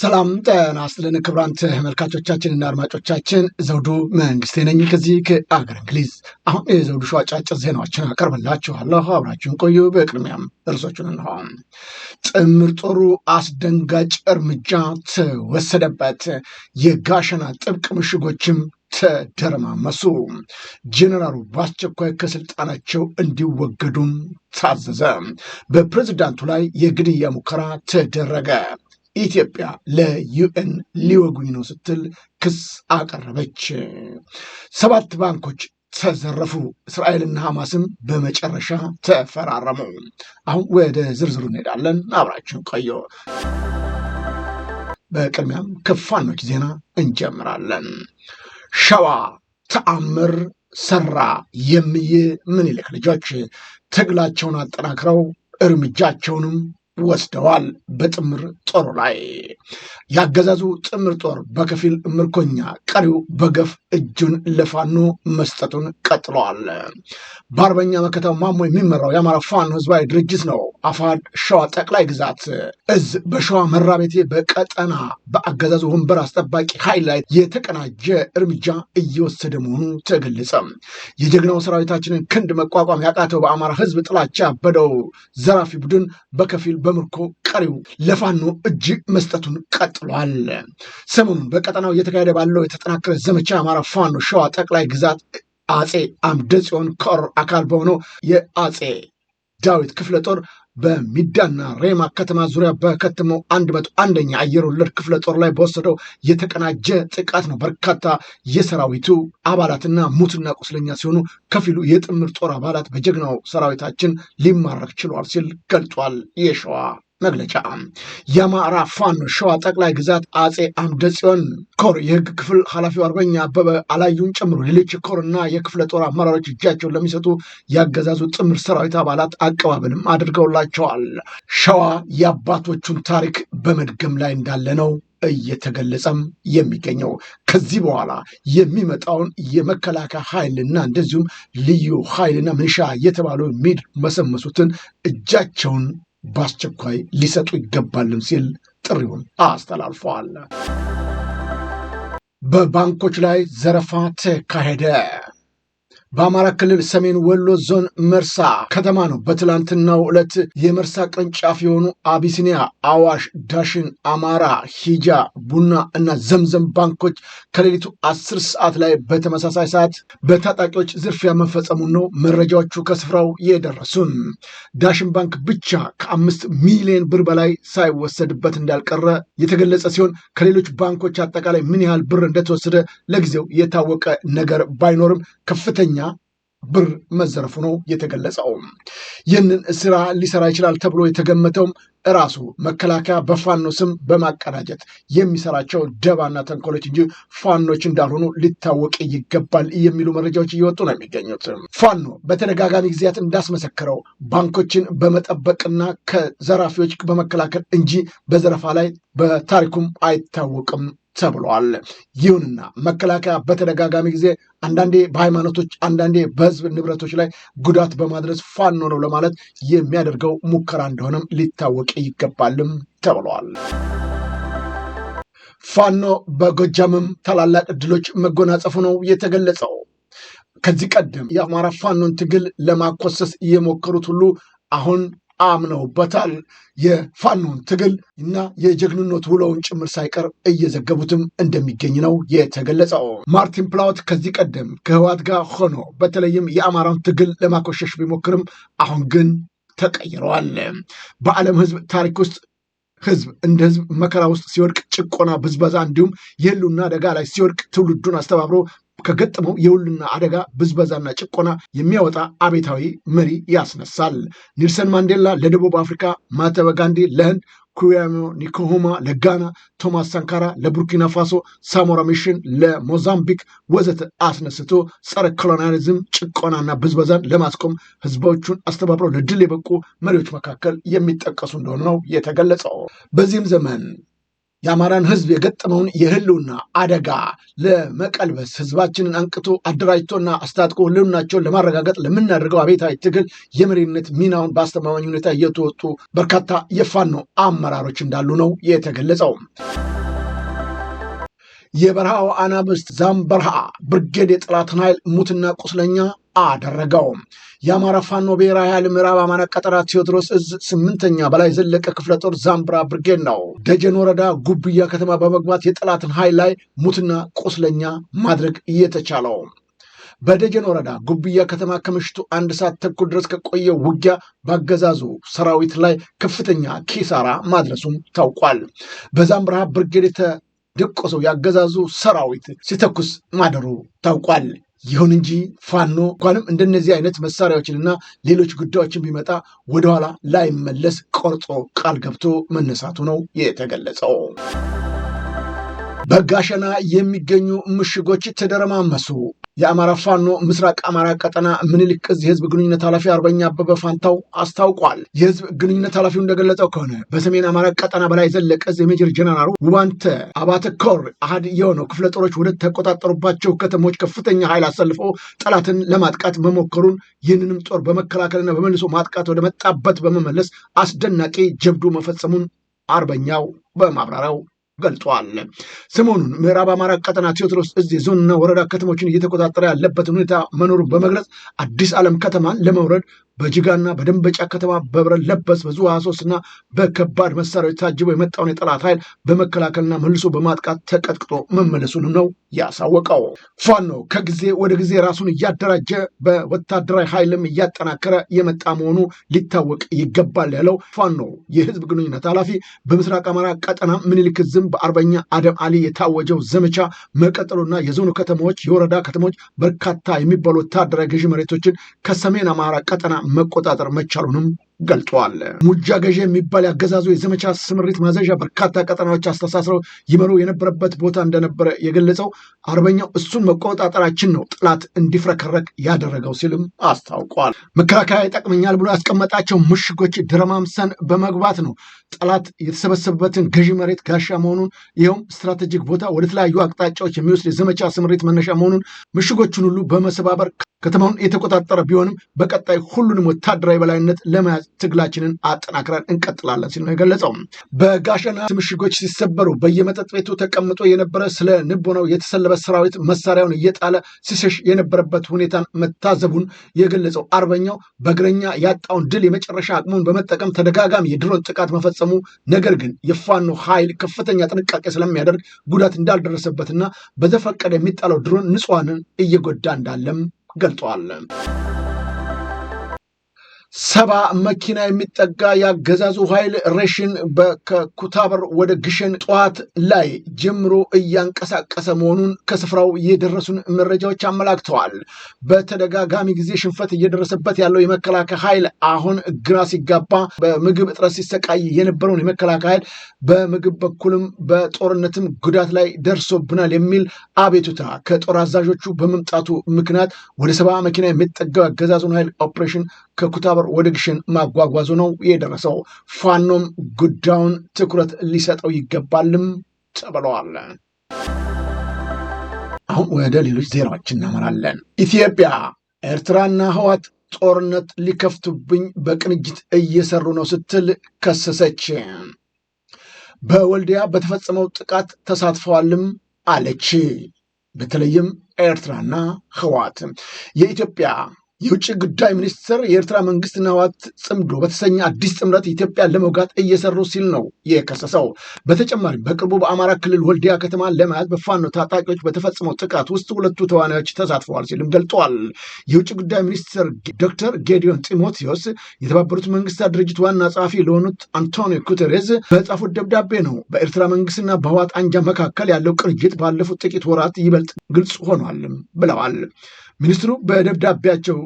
ሰላም ጤና ይስጥልን ክቡራን ተመልካቾቻችንና አድማጮቻችን ዘውዱ መንግስቴ ነኝ ከዚህ ከአገር እንግሊዝ። አሁን የዘውዱ ሾው አጫጭር ዜናዎችን አቀርብላችኋለሁ፣ አብራችሁን ቆዩ። በቅድሚያም እርሶቹን እንሆ። ጥምር ጦሩ አስደንጋጭ እርምጃ ተወሰደበት፣ የጋሸና ጥብቅ ምሽጎችም ተደረማመሱ። ጄኔራሉ በአስቸኳይ ከስልጣናቸው እንዲወገዱም ታዘዘ። በፕሬዝዳንቱ ላይ የግድያ ሙከራ ተደረገ። ኢትዮጵያ ለዩኤን ሊወጉኝ ነው ስትል ክስ አቀረበች። ሰባት ባንኮች ተዘረፉ። እስራኤልና ሐማስም በመጨረሻ ተፈራረሙ። አሁን ወደ ዝርዝሩ እንሄዳለን። አብራችን ቆዩ። በቅድሚያም ከፋኖች ዜና እንጀምራለን። ሸዋ ተአምር ሰራ። የምዬ ምኒልክ ልጆች ትግላቸውን አጠናክረው እርምጃቸውንም ወስደዋል። በጥምር ጦሩ ላይ ያገዛዙ ጥምር ጦር በከፊል ምርኮኛ፣ ቀሪው በገፍ እጁን ለፋኖ መስጠቱን ቀጥለዋል። በአርበኛ መከታው ማሞ የሚመራው የአማራ ፋኖ ህዝባዊ ድርጅት ነው አፋድ ሸዋ ጠቅላይ ግዛት እዝ በሸዋ መራቤቴ በቀጠና በአገዛዙ ወንበር አስጠባቂ ኃይል ላይ የተቀናጀ እርምጃ እየወሰደ መሆኑ ተገለጸ። የጀግናው ሰራዊታችንን ክንድ መቋቋም ያቃተው በአማራ ህዝብ ጥላቻ ያበደው ዘራፊ ቡድን በከፊል በምርኮ ቀሪው ለፋኖ እጅ መስጠቱን ቀጥሏል። ሰሞኑን በቀጠናው እየተካሄደ ባለው የተጠናከረ ዘመቻ አማራ ፋኖ ሸዋ ጠቅላይ ግዛት አጼ አምደ ጽዮን ኮር አካል በሆነው የአጼ ዳዊት ክፍለ ጦር በሚዳና ሬማ ከተማ ዙሪያ በከተማው አንድ መቶ አንደኛ አየር ወለድ ክፍለ ጦር ላይ በወሰደው የተቀናጀ ጥቃት ነው በርካታ የሰራዊቱ አባላትና ሙትና ቁስለኛ ሲሆኑ ከፊሉ የጥምር ጦር አባላት በጀግናው ሰራዊታችን ሊማረክ ችሏል ሲል ገልጿል። የሸዋ መግለጫ የአማራ ፋኖ ሸዋ ጠቅላይ ግዛት አጼ አምደ ጽዮን ኮር የህግ ክፍል ኃላፊው አርበኛ አበበ አላዩን ጨምሮ ሌሎች ኮርና የክፍለ ጦር አመራሮች እጃቸውን ለሚሰጡ ያገዛዙ ጥምር ሰራዊት አባላት አቀባበልም አድርገውላቸዋል። ሸዋ የአባቶቹን ታሪክ በመድገም ላይ እንዳለ ነው እየተገለጸም የሚገኘው ከዚህ በኋላ የሚመጣውን የመከላከያ ኃይልና እንደዚሁም ልዩ ኃይልና ምንሻ የተባሉ ሚድ መሰመሱትን እጃቸውን በአስቸኳይ ሊሰጡ ይገባልም ሲል ጥሪውን አስተላልፈዋል። በባንኮች ላይ ዘረፋ ተካሄደ። በአማራ ክልል ሰሜን ወሎ ዞን መርሳ ከተማ ነው። በትላንትናው ዕለት የመርሳ ቅርንጫፍ የሆኑ አቢሲኒያ፣ አዋሽ፣ ዳሽን፣ አማራ፣ ሂጃ፣ ቡና እና ዘምዘም ባንኮች ከሌሊቱ አስር ሰዓት ላይ በተመሳሳይ ሰዓት በታጣቂዎች ዝርፊያ መፈጸሙን ነው መረጃዎቹ ከስፍራው የደረሱን። ዳሽን ባንክ ብቻ ከአምስት ሚሊዮን ብር በላይ ሳይወሰድበት እንዳልቀረ የተገለጸ ሲሆን ከሌሎች ባንኮች አጠቃላይ ምን ያህል ብር እንደተወሰደ ለጊዜው የታወቀ ነገር ባይኖርም ከፍተኛ ብር መዘረፉ ነው የተገለጸው። ይህንን ስራ ሊሰራ ይችላል ተብሎ የተገመተውም ራሱ መከላከያ በፋኖ ስም በማቀናጀት የሚሰራቸው ደባና ተንኮሎች እንጂ ፋኖች እንዳልሆኑ ሊታወቅ ይገባል የሚሉ መረጃዎች እየወጡ ነው የሚገኙት። ፋኖ በተደጋጋሚ ጊዜያት እንዳስመሰከረው ባንኮችን በመጠበቅና ከዘራፊዎች በመከላከል እንጂ በዘረፋ ላይ በታሪኩም አይታወቅም ተብሏል። ይሁንና መከላከያ በተደጋጋሚ ጊዜ አንዳንዴ በሃይማኖቶች አንዳንዴ በህዝብ ንብረቶች ላይ ጉዳት በማድረስ ፋኖ ነው ለማለት የሚያደርገው ሙከራ እንደሆነም ሊታወቅ ይገባልም ተብሏል። ፋኖ በጎጃምም ታላላቅ ድሎች መጎናጸፉ ነው የተገለጸው። ከዚህ ቀደም የአማራ ፋኖን ትግል ለማኮሰስ የሞከሩት ሁሉ አሁን አምነውበታል። የፋኖን ትግል እና የጀግንነት ውለውን ጭምር ሳይቀር እየዘገቡትም እንደሚገኝ ነው የተገለጸው። ማርቲን ፕላውት ከዚህ ቀደም ከህዋት ጋር ሆኖ በተለይም የአማራውን ትግል ለማኮሸሽ ቢሞክርም አሁን ግን ተቀይረዋል። በዓለም ህዝብ ታሪክ ውስጥ ህዝብ እንደ ህዝብ መከራ ውስጥ ሲወድቅ ጭቆና፣ ብዝበዛ እንዲሁም የህልውና አደጋ ላይ ሲወድቅ ትውልዱን አስተባብሮ ከገጠመው የውልና አደጋ ብዝበዛና ጭቆና የሚያወጣ አቤታዊ መሪ ያስነሳል። ኒልሰን ማንዴላ ለደቡብ አፍሪካ፣ ማህተመ ጋንዲ ለህንድ ኩያሚ ኒኮሆማ ለጋና፣ ቶማስ ሳንካራ ለቡርኪና ፋሶ፣ ሳሞራ ሚሽን ለሞዛምቢክ ወዘተ አስነስቶ ጸረ ኮሎኒያሊዝም ጭቆናና ብዝበዛን ለማስቆም ህዝቦቹን አስተባብረው ለድል የበቁ መሪዎች መካከል የሚጠቀሱ እንደሆኑ ነው የተገለጸው። በዚህም ዘመን የአማራን ህዝብ የገጠመውን የህልውና አደጋ ለመቀልበስ ህዝባችንን አንቅቶ አደራጅቶና አስታጥቆ ህልውናቸውን ለማረጋገጥ ለምናደርገው አቤታዊ ትግል የመሪነት ሚናውን በአስተማማኝ ሁኔታ እየተወጡ በርካታ የፋኖ አመራሮች እንዳሉ ነው የተገለጸው። የበረሃው አናብስት ዛምበርሃ ብርጌድ የጠላትን ኃይል ሙትና ቁስለኛ አደረገው። የአማራ ፋኖ ብሔራዊ ኃይል ምዕራብ አማራ ቀጠና ቴዎድሮስ እዝ ስምንተኛ በላይ ዘለቀ ክፍለ ጦር ዛምብራ ብርጌድ ነው ደጀን ወረዳ ጉብያ ከተማ በመግባት የጠላትን ኃይል ላይ ሙትና ቁስለኛ ማድረግ እየተቻለው በደጀን ወረዳ ጉብያ ከተማ ከምሽቱ አንድ ሰዓት ተኩል ድረስ ከቆየ ውጊያ በአገዛዙ ሰራዊት ላይ ከፍተኛ ኪሳራ ማድረሱም ታውቋል። በዛምብራ ብርጌድ የተደቆሰው ያገዛዙ ሰራዊት ሲተኩስ ማደሩ ታውቋል። ይሁን እንጂ ፋኖ እንኳንም እንደነዚህ አይነት መሳሪያዎችንና ሌሎች ጉዳዮችን ቢመጣ ወደኋላ ላይመለስ ቆርጦ ቃል ገብቶ መነሳቱ ነው የተገለጸው። በጋሸና የሚገኙ ምሽጎች ተደረማመሱ። የአማራ ፋኖ ምስራቅ አማራ ቀጠና ምኒልክ እዝ የህዝብ ግንኙነት ኃላፊ አርበኛ አበበ ፋንታው አስታውቋል። የህዝብ ግንኙነት ኃላፊው እንደገለጸው ከሆነ በሰሜን አማራ ቀጠና በላይ ዘለቀ እዝ የሜጀር ጀነራሉ ውባንተ አባተ ኮር አሃድ የሆነው ክፍለ ጦሮች ወደ ተቆጣጠሩባቸው ከተሞች ከፍተኛ ኃይል አሰልፎ ጠላትን ለማጥቃት መሞከሩን ይህንንም ጦር በመከላከልና በመልሶ ማጥቃት ወደ መጣበት በመመለስ አስደናቂ ጀብዱ መፈጸሙን አርበኛው በማብራሪያው ገልጧል። ሰሞኑን ምዕራብ አማራ ቀጠና ቴዎድሮስ እዝ ዞንና ወረዳ ከተሞችን እየተቆጣጠረ ያለበትን ሁኔታ መኖሩን በመግለጽ አዲስ ዓለም ከተማን ለመውረድ በጅጋና በደንበጫ ከተማ በብረ ለበስ በዙ 23 እና በከባድ መሳሪያዎች ታጅቦ የመጣውን የጠላት ኃይል በመከላከልና መልሶ በማጥቃት ተቀጥቅጦ መመለሱንም ነው ያሳወቀው። ፋኖ ከጊዜ ወደ ጊዜ ራሱን እያደራጀ በወታደራዊ ኃይልም እያጠናከረ የመጣ መሆኑ ሊታወቅ ይገባል ያለው ፋኖ የህዝብ ግንኙነት ኃላፊ በምስራቅ አማራ ቀጠና ምኒልክ ዝም በአርበኛ አደም አሊ የታወጀው ዘመቻ መቀጠሉና የዞኑ ከተሞች፣ የወረዳ ከተሞች በርካታ የሚባሉ ወታደራዊ ገዢ መሬቶችን ከሰሜን አማራ ቀጠና መቆጣጠር መቻሉንም ገልጠዋል። ሙጃ ገዢ የሚባል ያገዛዙ የዘመቻ ስምሪት ማዘዣ በርካታ ቀጠናዎች አስተሳስረው ይመሩ የነበረበት ቦታ እንደነበረ የገለጸው አርበኛው እሱን መቆጣጠራችን ነው ጠላት እንዲፍረከረቅ ያደረገው ሲልም አስታውቋል። መከላከያ ይጠቅመኛል ብሎ ያስቀመጣቸው ምሽጎች ድረማምሰን በመግባት ነው ጠላት የተሰበሰበበትን ገዢ መሬት ጋሻ መሆኑን ይኸውም ስትራቴጂክ ቦታ ወደ ተለያዩ አቅጣጫዎች የሚወስድ የዘመቻ ስምሪት መነሻ መሆኑን ምሽጎቹን ሁሉ በመሰባበር ከተማውን የተቆጣጠረ ቢሆንም በቀጣይ ሁሉንም ወታደራዊ በላይነት ለመያዝ ትግላችንን አጠናክረን እንቀጥላለን ሲል ነው የገለጸው። በጋሸና ምሽጎች ሲሰበሩ በየመጠጥ ቤቱ ተቀምጦ የነበረ ስለ ንቦናው የተሰለበ ሰራዊት መሳሪያውን እየጣለ ሲሸሽ የነበረበት ሁኔታን መታዘቡን የገለጸው አርበኛው በእግረኛ ያጣውን ድል የመጨረሻ አቅሙን በመጠቀም ተደጋጋሚ የድሮን ጥቃት መፈጸሙ፣ ነገር ግን የፋኖ ኃይል ከፍተኛ ጥንቃቄ ስለሚያደርግ ጉዳት እንዳልደረሰበትና በዘፈቀደ የሚጣለው ድሮን ንጹሐንን እየጎዳ እንዳለም ገልጿል። ሰባ መኪና የሚጠጋ የአገዛዙ ኃይል ሬሽን ከኩታበር ወደ ግሸን ጠዋት ላይ ጀምሮ እያንቀሳቀሰ መሆኑን ከስፍራው የደረሱን መረጃዎች አመላክተዋል። በተደጋጋሚ ጊዜ ሽንፈት እየደረሰበት ያለው የመከላከያ ኃይል አሁን ግራ ሲጋባ፣ በምግብ እጥረት ሲሰቃይ የነበረውን የመከላከያ ኃይል በምግብ በኩልም በጦርነትም ጉዳት ላይ ደርሶብናል የሚል አቤቱታ ከጦር አዛዦቹ በመምጣቱ ምክንያት ወደ ሰባ መኪና የሚጠጋው የአገዛዙን ኃይል ኦፕሬሽን ከኩታበር ጦር ወደ ግሽን ማጓጓዙ ነው የደረሰው። ፋኖም ጉዳዩን ትኩረት ሊሰጠው ይገባልም ተብለዋል። አሁን ወደ ሌሎች ዜናዎች እናመራለን። ኢትዮጵያ ኤርትራና ህዋት ጦርነት ሊከፍቱብኝ በቅንጅት እየሰሩ ነው ስትል ከሰሰች። በወልዲያ በተፈጸመው ጥቃት ተሳትፈዋልም አለች። በተለይም ኤርትራና ህዋት የኢትዮጵያ የውጭ ጉዳይ ሚኒስትር የኤርትራ መንግስትና ህወሓት ጽምዶ በተሰኘ አዲስ ጥምረት ኢትዮጵያን ለመውጋት እየሰሩ ሲል ነው የከሰሰው። በተጨማሪም በቅርቡ በአማራ ክልል ወልዲያ ከተማ ለመያዝ በፋኖ ታጣቂዎች በተፈጸመው ጥቃት ውስጥ ሁለቱ ተዋናዮች ተሳትፈዋል ሲልም ገልጠዋል። የውጭ ጉዳይ ሚኒስትር ዶክተር ጌዲዮን ጢሞቴዎስ የተባበሩት መንግስታት ድርጅት ዋና ጸሐፊ ለሆኑት አንቶኒ ጉተሬዝ በጻፉት ደብዳቤ ነው። በኤርትራ መንግስትና በህወሓት አንጃ መካከል ያለው ቅርጅት ባለፉት ጥቂት ወራት ይበልጥ ግልጽ ሆኗል ብለዋል። ሚኒስትሩ በደብዳቤያቸው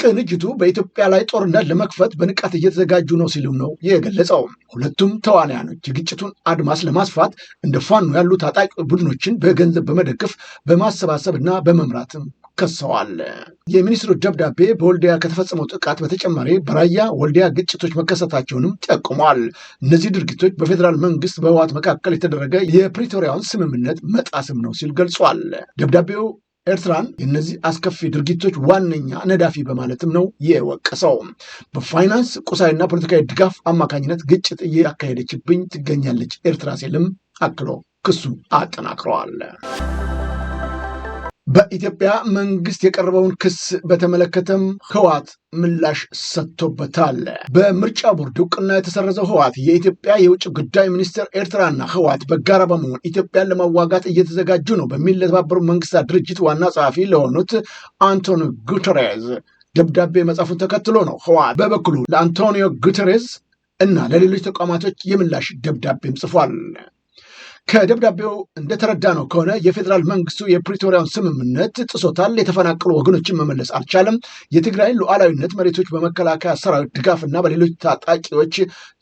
ቅንጅቱ በኢትዮጵያ ላይ ጦርነት ለመክፈት በንቃት እየተዘጋጁ ነው ሲሉም ነው የገለጸው። ሁለቱም ተዋናያኖች የግጭቱን አድማስ ለማስፋት እንደ ፋኖ ያሉ ታጣቂ ቡድኖችን በገንዘብ በመደገፍ በማሰባሰብ እና በመምራትም ከሰዋል። የሚኒስትሩ ደብዳቤ በወልዲያ ከተፈጸመው ጥቃት በተጨማሪ በራያ ወልዲያ ግጭቶች መከሰታቸውንም ጠቁሟል። እነዚህ ድርጊቶች በፌዴራል መንግስት በህወሓት መካከል የተደረገ የፕሪቶሪያውን ስምምነት መጣስም ነው ሲል ገልጿል። ደብዳቤው ኤርትራን የእነዚህ አስከፊ ድርጊቶች ዋነኛ ነዳፊ በማለትም ነው የወቀሰው። በፋይናንስ ቁሳዊና ፖለቲካዊ ድጋፍ አማካኝነት ግጭት እያካሄደችብኝ ትገኛለች ኤርትራ ሲልም አክሎ ክሱን አጠናክረዋል። በኢትዮጵያ መንግስት የቀረበውን ክስ በተመለከተም ህወሓት ምላሽ ሰጥቶበታል። በምርጫ ቦርድ እውቅና የተሰረዘው ህወሓት የኢትዮጵያ የውጭ ጉዳይ ሚኒስቴር ኤርትራና ህወሓት በጋራ በመሆን ኢትዮጵያን ለመዋጋት እየተዘጋጁ ነው በሚል ለተባበሩት መንግስታት ድርጅት ዋና ጸሐፊ ለሆኑት አንቶኒ ጉተሬዝ ደብዳቤ መጻፉን ተከትሎ ነው። ህወሓት በበኩሉ ለአንቶኒዮ ጉተሬዝ እና ለሌሎች ተቋማቶች የምላሽ ደብዳቤም ጽፏል። ከደብዳቤው እንደተረዳ ነው ከሆነ የፌዴራል መንግስቱ የፕሪቶሪያን ስምምነት ጥሶታል። የተፈናቀሉ ወገኖችን መመለስ አልቻለም። የትግራይን ሉዓላዊነት መሬቶች በመከላከያ ሰራዊት ድጋፍ እና በሌሎች ታጣቂዎች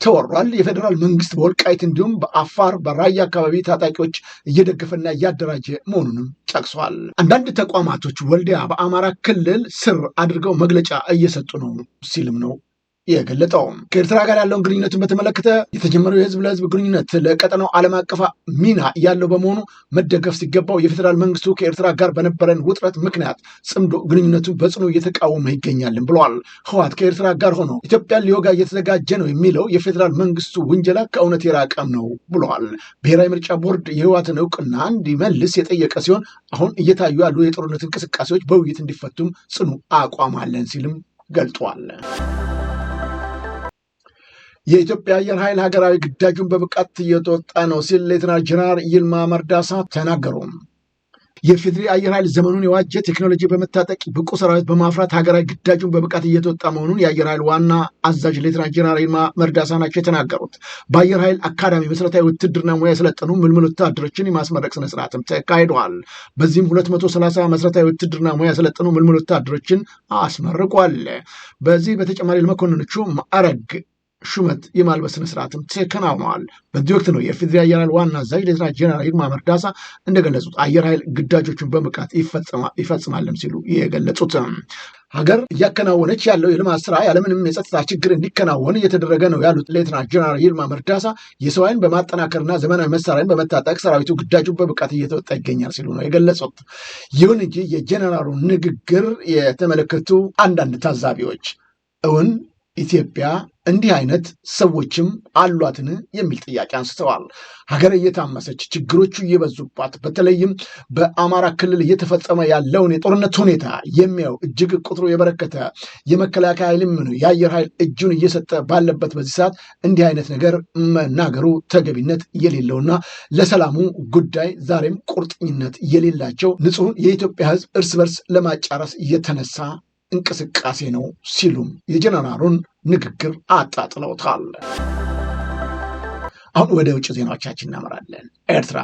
ተወሯል። የፌዴራል መንግስት በወልቃይት እንዲሁም በአፋር በራያ አካባቢ ታጣቂዎች እየደገፈና እያደራጀ መሆኑንም ጠቅሷል። አንዳንድ ተቋማቶች ወልዲያ በአማራ ክልል ስር አድርገው መግለጫ እየሰጡ ነው ሲልም ነው የገለጠው። ከኤርትራ ጋር ያለውን ግንኙነትን በተመለከተ የተጀመረው የህዝብ ለህዝብ ግንኙነት ለቀጠናው ዓለም አቀፍ ሚና ያለው በመሆኑ መደገፍ ሲገባው የፌዴራል መንግስቱ ከኤርትራ ጋር በነበረን ውጥረት ምክንያት ጽምዶ ግንኙነቱን በጽኑ እየተቃወመ ይገኛልን ብለዋል። ህወሓት ከኤርትራ ጋር ሆኖ ኢትዮጵያን ሊወጋ እየተዘጋጀ ነው የሚለው የፌዴራል መንግስቱ ውንጀላ ከእውነት የራቀም ነው ብለዋል። ብሔራዊ ምርጫ ቦርድ የህወሓትን እውቅና እንዲመልስ የጠየቀ ሲሆን አሁን እየታዩ ያሉ የጦርነት እንቅስቃሴዎች በውይይት እንዲፈቱም ጽኑ አቋም አለን ሲልም ገልጧል። የኢትዮጵያ አየር ኃይል ሀገራዊ ግዳጁን በብቃት እየተወጣ ነው ሲል ሌተና ጀነራል ይልማ መርዳሳ ተናገሩ። የፌዴሪ አየር ኃይል ዘመኑን የዋጀ ቴክኖሎጂ በመታጠቅ ብቁ ሰራዊት በማፍራት ሀገራዊ ግዳጁን በብቃት እየተወጣ መሆኑን የአየር ኃይል ዋና አዛዥ ሌተና ጀነራል ይልማ መርዳሳ ናቸው የተናገሩት። በአየር ኃይል አካዳሚ መሰረታዊ ውትድርና ሙያ የሰለጠኑ ምልምል ወታደሮችን የማስመረቅ ስነስርዓትም ተካሂደዋል። በዚህም 230 መሰረታዊ ውትድርና ሙያ የሰለጠኑ ምልምል ወታደሮችን አስመርቋል። በዚህ በተጨማሪ ለመኮንኖቹ ማዕረግ ሹመት የማልበስ ስነስርዓትም ተከናውነዋል። በዚህ ወቅት ነው የፌዴሪ አየር ኃይል ዋና አዛዥ ሌተና ጀነራል ይልማ መርዳሳ እንደገለጹት አየር ኃይል ግዳጆችን በብቃት ይፈጽማልም ሲሉ የገለጹት ሀገር እያከናወነች ያለው የልማት ስራ ያለምንም የጸጥታ ችግር እንዲከናወን እየተደረገ ነው ያሉት ሌተና ጀነራል ይልማ መርዳሳ የሰው ኃይልን በማጠናከርና ዘመናዊ መሳሪያን በመታጠቅ ሰራዊቱ ግዳጁን በብቃት እየተወጣ ይገኛል ሲሉ ነው የገለጹት። ይሁን እንጂ የጀነራሉ ንግግር የተመለከቱ አንዳንድ ታዛቢዎች እውን ኢትዮጵያ እንዲህ አይነት ሰዎችም አሏትን የሚል ጥያቄ አንስተዋል። ሀገር እየታመሰች ችግሮቹ እየበዙባት በተለይም በአማራ ክልል እየተፈጸመ ያለውን የጦርነት ሁኔታ የሚያው እጅግ ቁጥሩ የበረከተ የመከላከያ ኃይልም የአየር ኃይል እጁን እየሰጠ ባለበት በዚህ ሰዓት እንዲህ አይነት ነገር መናገሩ ተገቢነት የሌለውና ለሰላሙ ጉዳይ ዛሬም ቁርጠኝነት የሌላቸው ንጹሕን የኢትዮጵያ ሕዝብ እርስ በርስ ለማጫረስ እየተነሳ እንቅስቃሴ ነው ሲሉም የጀነራሉን ንግግር አጣጥለውታል። አሁን ወደ ውጭ ዜናዎቻችን እናመራለን። ኤርትራ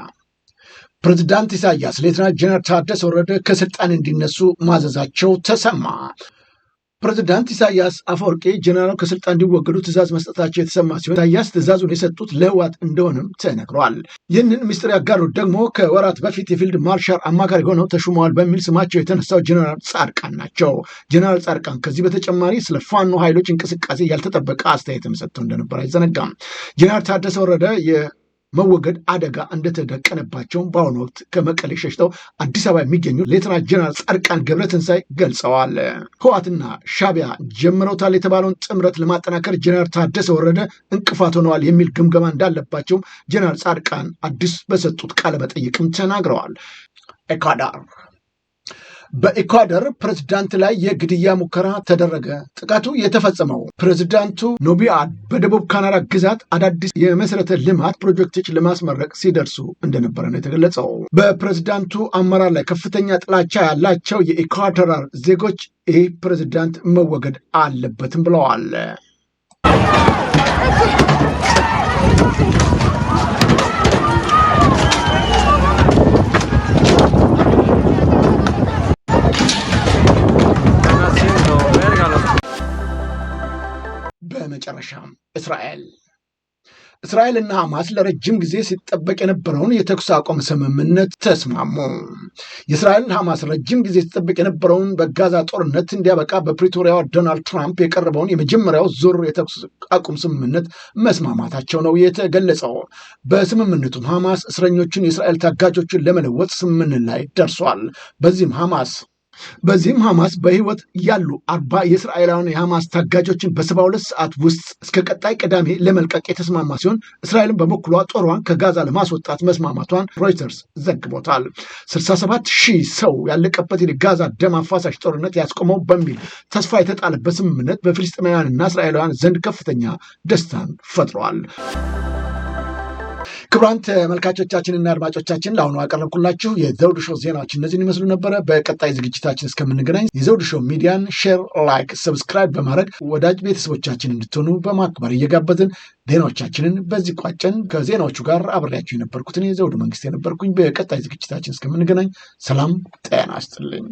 ፕሬዝዳንት ኢሳያስ ሌተና ጀነራል ታደሰ ወረደ ከስልጣን እንዲነሱ ማዘዛቸው ተሰማ። ፕሬዚዳንት ኢሳያስ አፈወርቄ ጀኔራሉ ከስልጣን እንዲወገዱ ትእዛዝ መስጠታቸው የተሰማ ሲሆን ኢሳያስ ትእዛዙን የሰጡት ለህወሓት እንደሆነም ተነግረዋል። ይህንን ምስጢር ያጋሩት ደግሞ ከወራት በፊት የፊልድ ማርሻል አማካሪ ሆነው ተሹመዋል በሚል ስማቸው የተነሳው ጀኔራል ጻድቃን ናቸው። ጀኔራል ጻድቃን ከዚህ በተጨማሪ ስለ ፋኖ ኃይሎች እንቅስቃሴ ያልተጠበቀ አስተያየትም ሰጥተው እንደነበር አይዘነጋም። ጀኔራል ታደሰ ወረደ መወገድ አደጋ እንደተደቀነባቸውም በአሁኑ ወቅት ከመቀሌ ሸሽተው አዲስ አበባ የሚገኙ ሌተና ጀነራል ጻድቃን ገብረትንሳኤ ገልጸዋል። ህዋትና ሻቢያ ጀምረውታል የተባለውን ጥምረት ለማጠናከር ጀነራል ታደሰ ወረደ እንቅፋት ሆነዋል የሚል ግምገማ እንዳለባቸውም ጀነራል ጻድቃን አዲስ በሰጡት ቃለ መጠይቅም ተናግረዋል። ኤኳዳር በኢኳዶር ፕሬዝዳንት ላይ የግድያ ሙከራ ተደረገ። ጥቃቱ የተፈጸመው ፕሬዝዳንቱ ኖቢአድ በደቡብ ካናዳ ግዛት አዳዲስ የመሰረተ ልማት ፕሮጀክቶች ለማስመረቅ ሲደርሱ እንደነበረ ነው የተገለጸው። በፕሬዝዳንቱ አመራር ላይ ከፍተኛ ጥላቻ ያላቸው የኢኳዶር ዜጎች ይህ ፕሬዝዳንት መወገድ አለበትም ብለዋል። መጨረሻ እስራኤል እስራኤልና ሐማስ ለረጅም ጊዜ ሲጠበቅ የነበረውን የተኩስ አቁም ስምምነት ተስማሙ። የእስራኤልን ሐማስ ረጅም ጊዜ ሲጠበቅ የነበረውን በጋዛ ጦርነት እንዲያበቃ በፕሪቶሪያ ዶናልድ ትራምፕ የቀረበውን የመጀመሪያው ዙር የተኩስ አቁም ስምምነት መስማማታቸው ነው የተገለጸው። በስምምነቱም ሐማስ እስረኞቹን የእስራኤል ታጋቾችን ለመለወጥ ስምምነት ላይ ደርሷል። በዚህም ሐማስ በዚህም ሐማስ በህይወት ያሉ አርባ የእስራኤላውያን የሐማስ ታጋጆችን በሰባ ሁለት ሰዓት ውስጥ እስከ ቀጣይ ቅዳሜ ለመልቀቅ የተስማማ ሲሆን እስራኤልን በበኩሏ ጦሯን ከጋዛ ለማስወጣት መስማማቷን ሮይተርስ ዘግቦታል። 67 ሺህ ሰው ያለቀበት የጋዛ ደም አፋሳሽ ጦርነት ያስቆመው በሚል ተስፋ የተጣለበት ስምምነት በፍልስጤማውያንና እስራኤላውያን ዘንድ ከፍተኛ ደስታን ፈጥሯል። ክቡራን ተመልካቾቻችንና አድማጮቻችን ለአሁኑ ያቀረብኩላችሁ የዘውድ ሾው ዜናዎች እነዚህን ይመስሉ ነበረ። በቀጣይ ዝግጅታችን እስከምንገናኝ የዘውድ ሾው ሚዲያን ሼር፣ ላይክ፣ ሰብስክራይብ በማድረግ ወዳጅ ቤተሰቦቻችን እንድትሆኑ በማክበር እየጋበዝን ዜናዎቻችንን በዚህ ቋጨን። ከዜናዎቹ ጋር አብሬያችሁ የነበርኩትን የዘውድ መንግስት የነበርኩኝ። በቀጣይ ዝግጅታችን እስከምንገናኝ ሰላም ጤና ይስጥልኝ።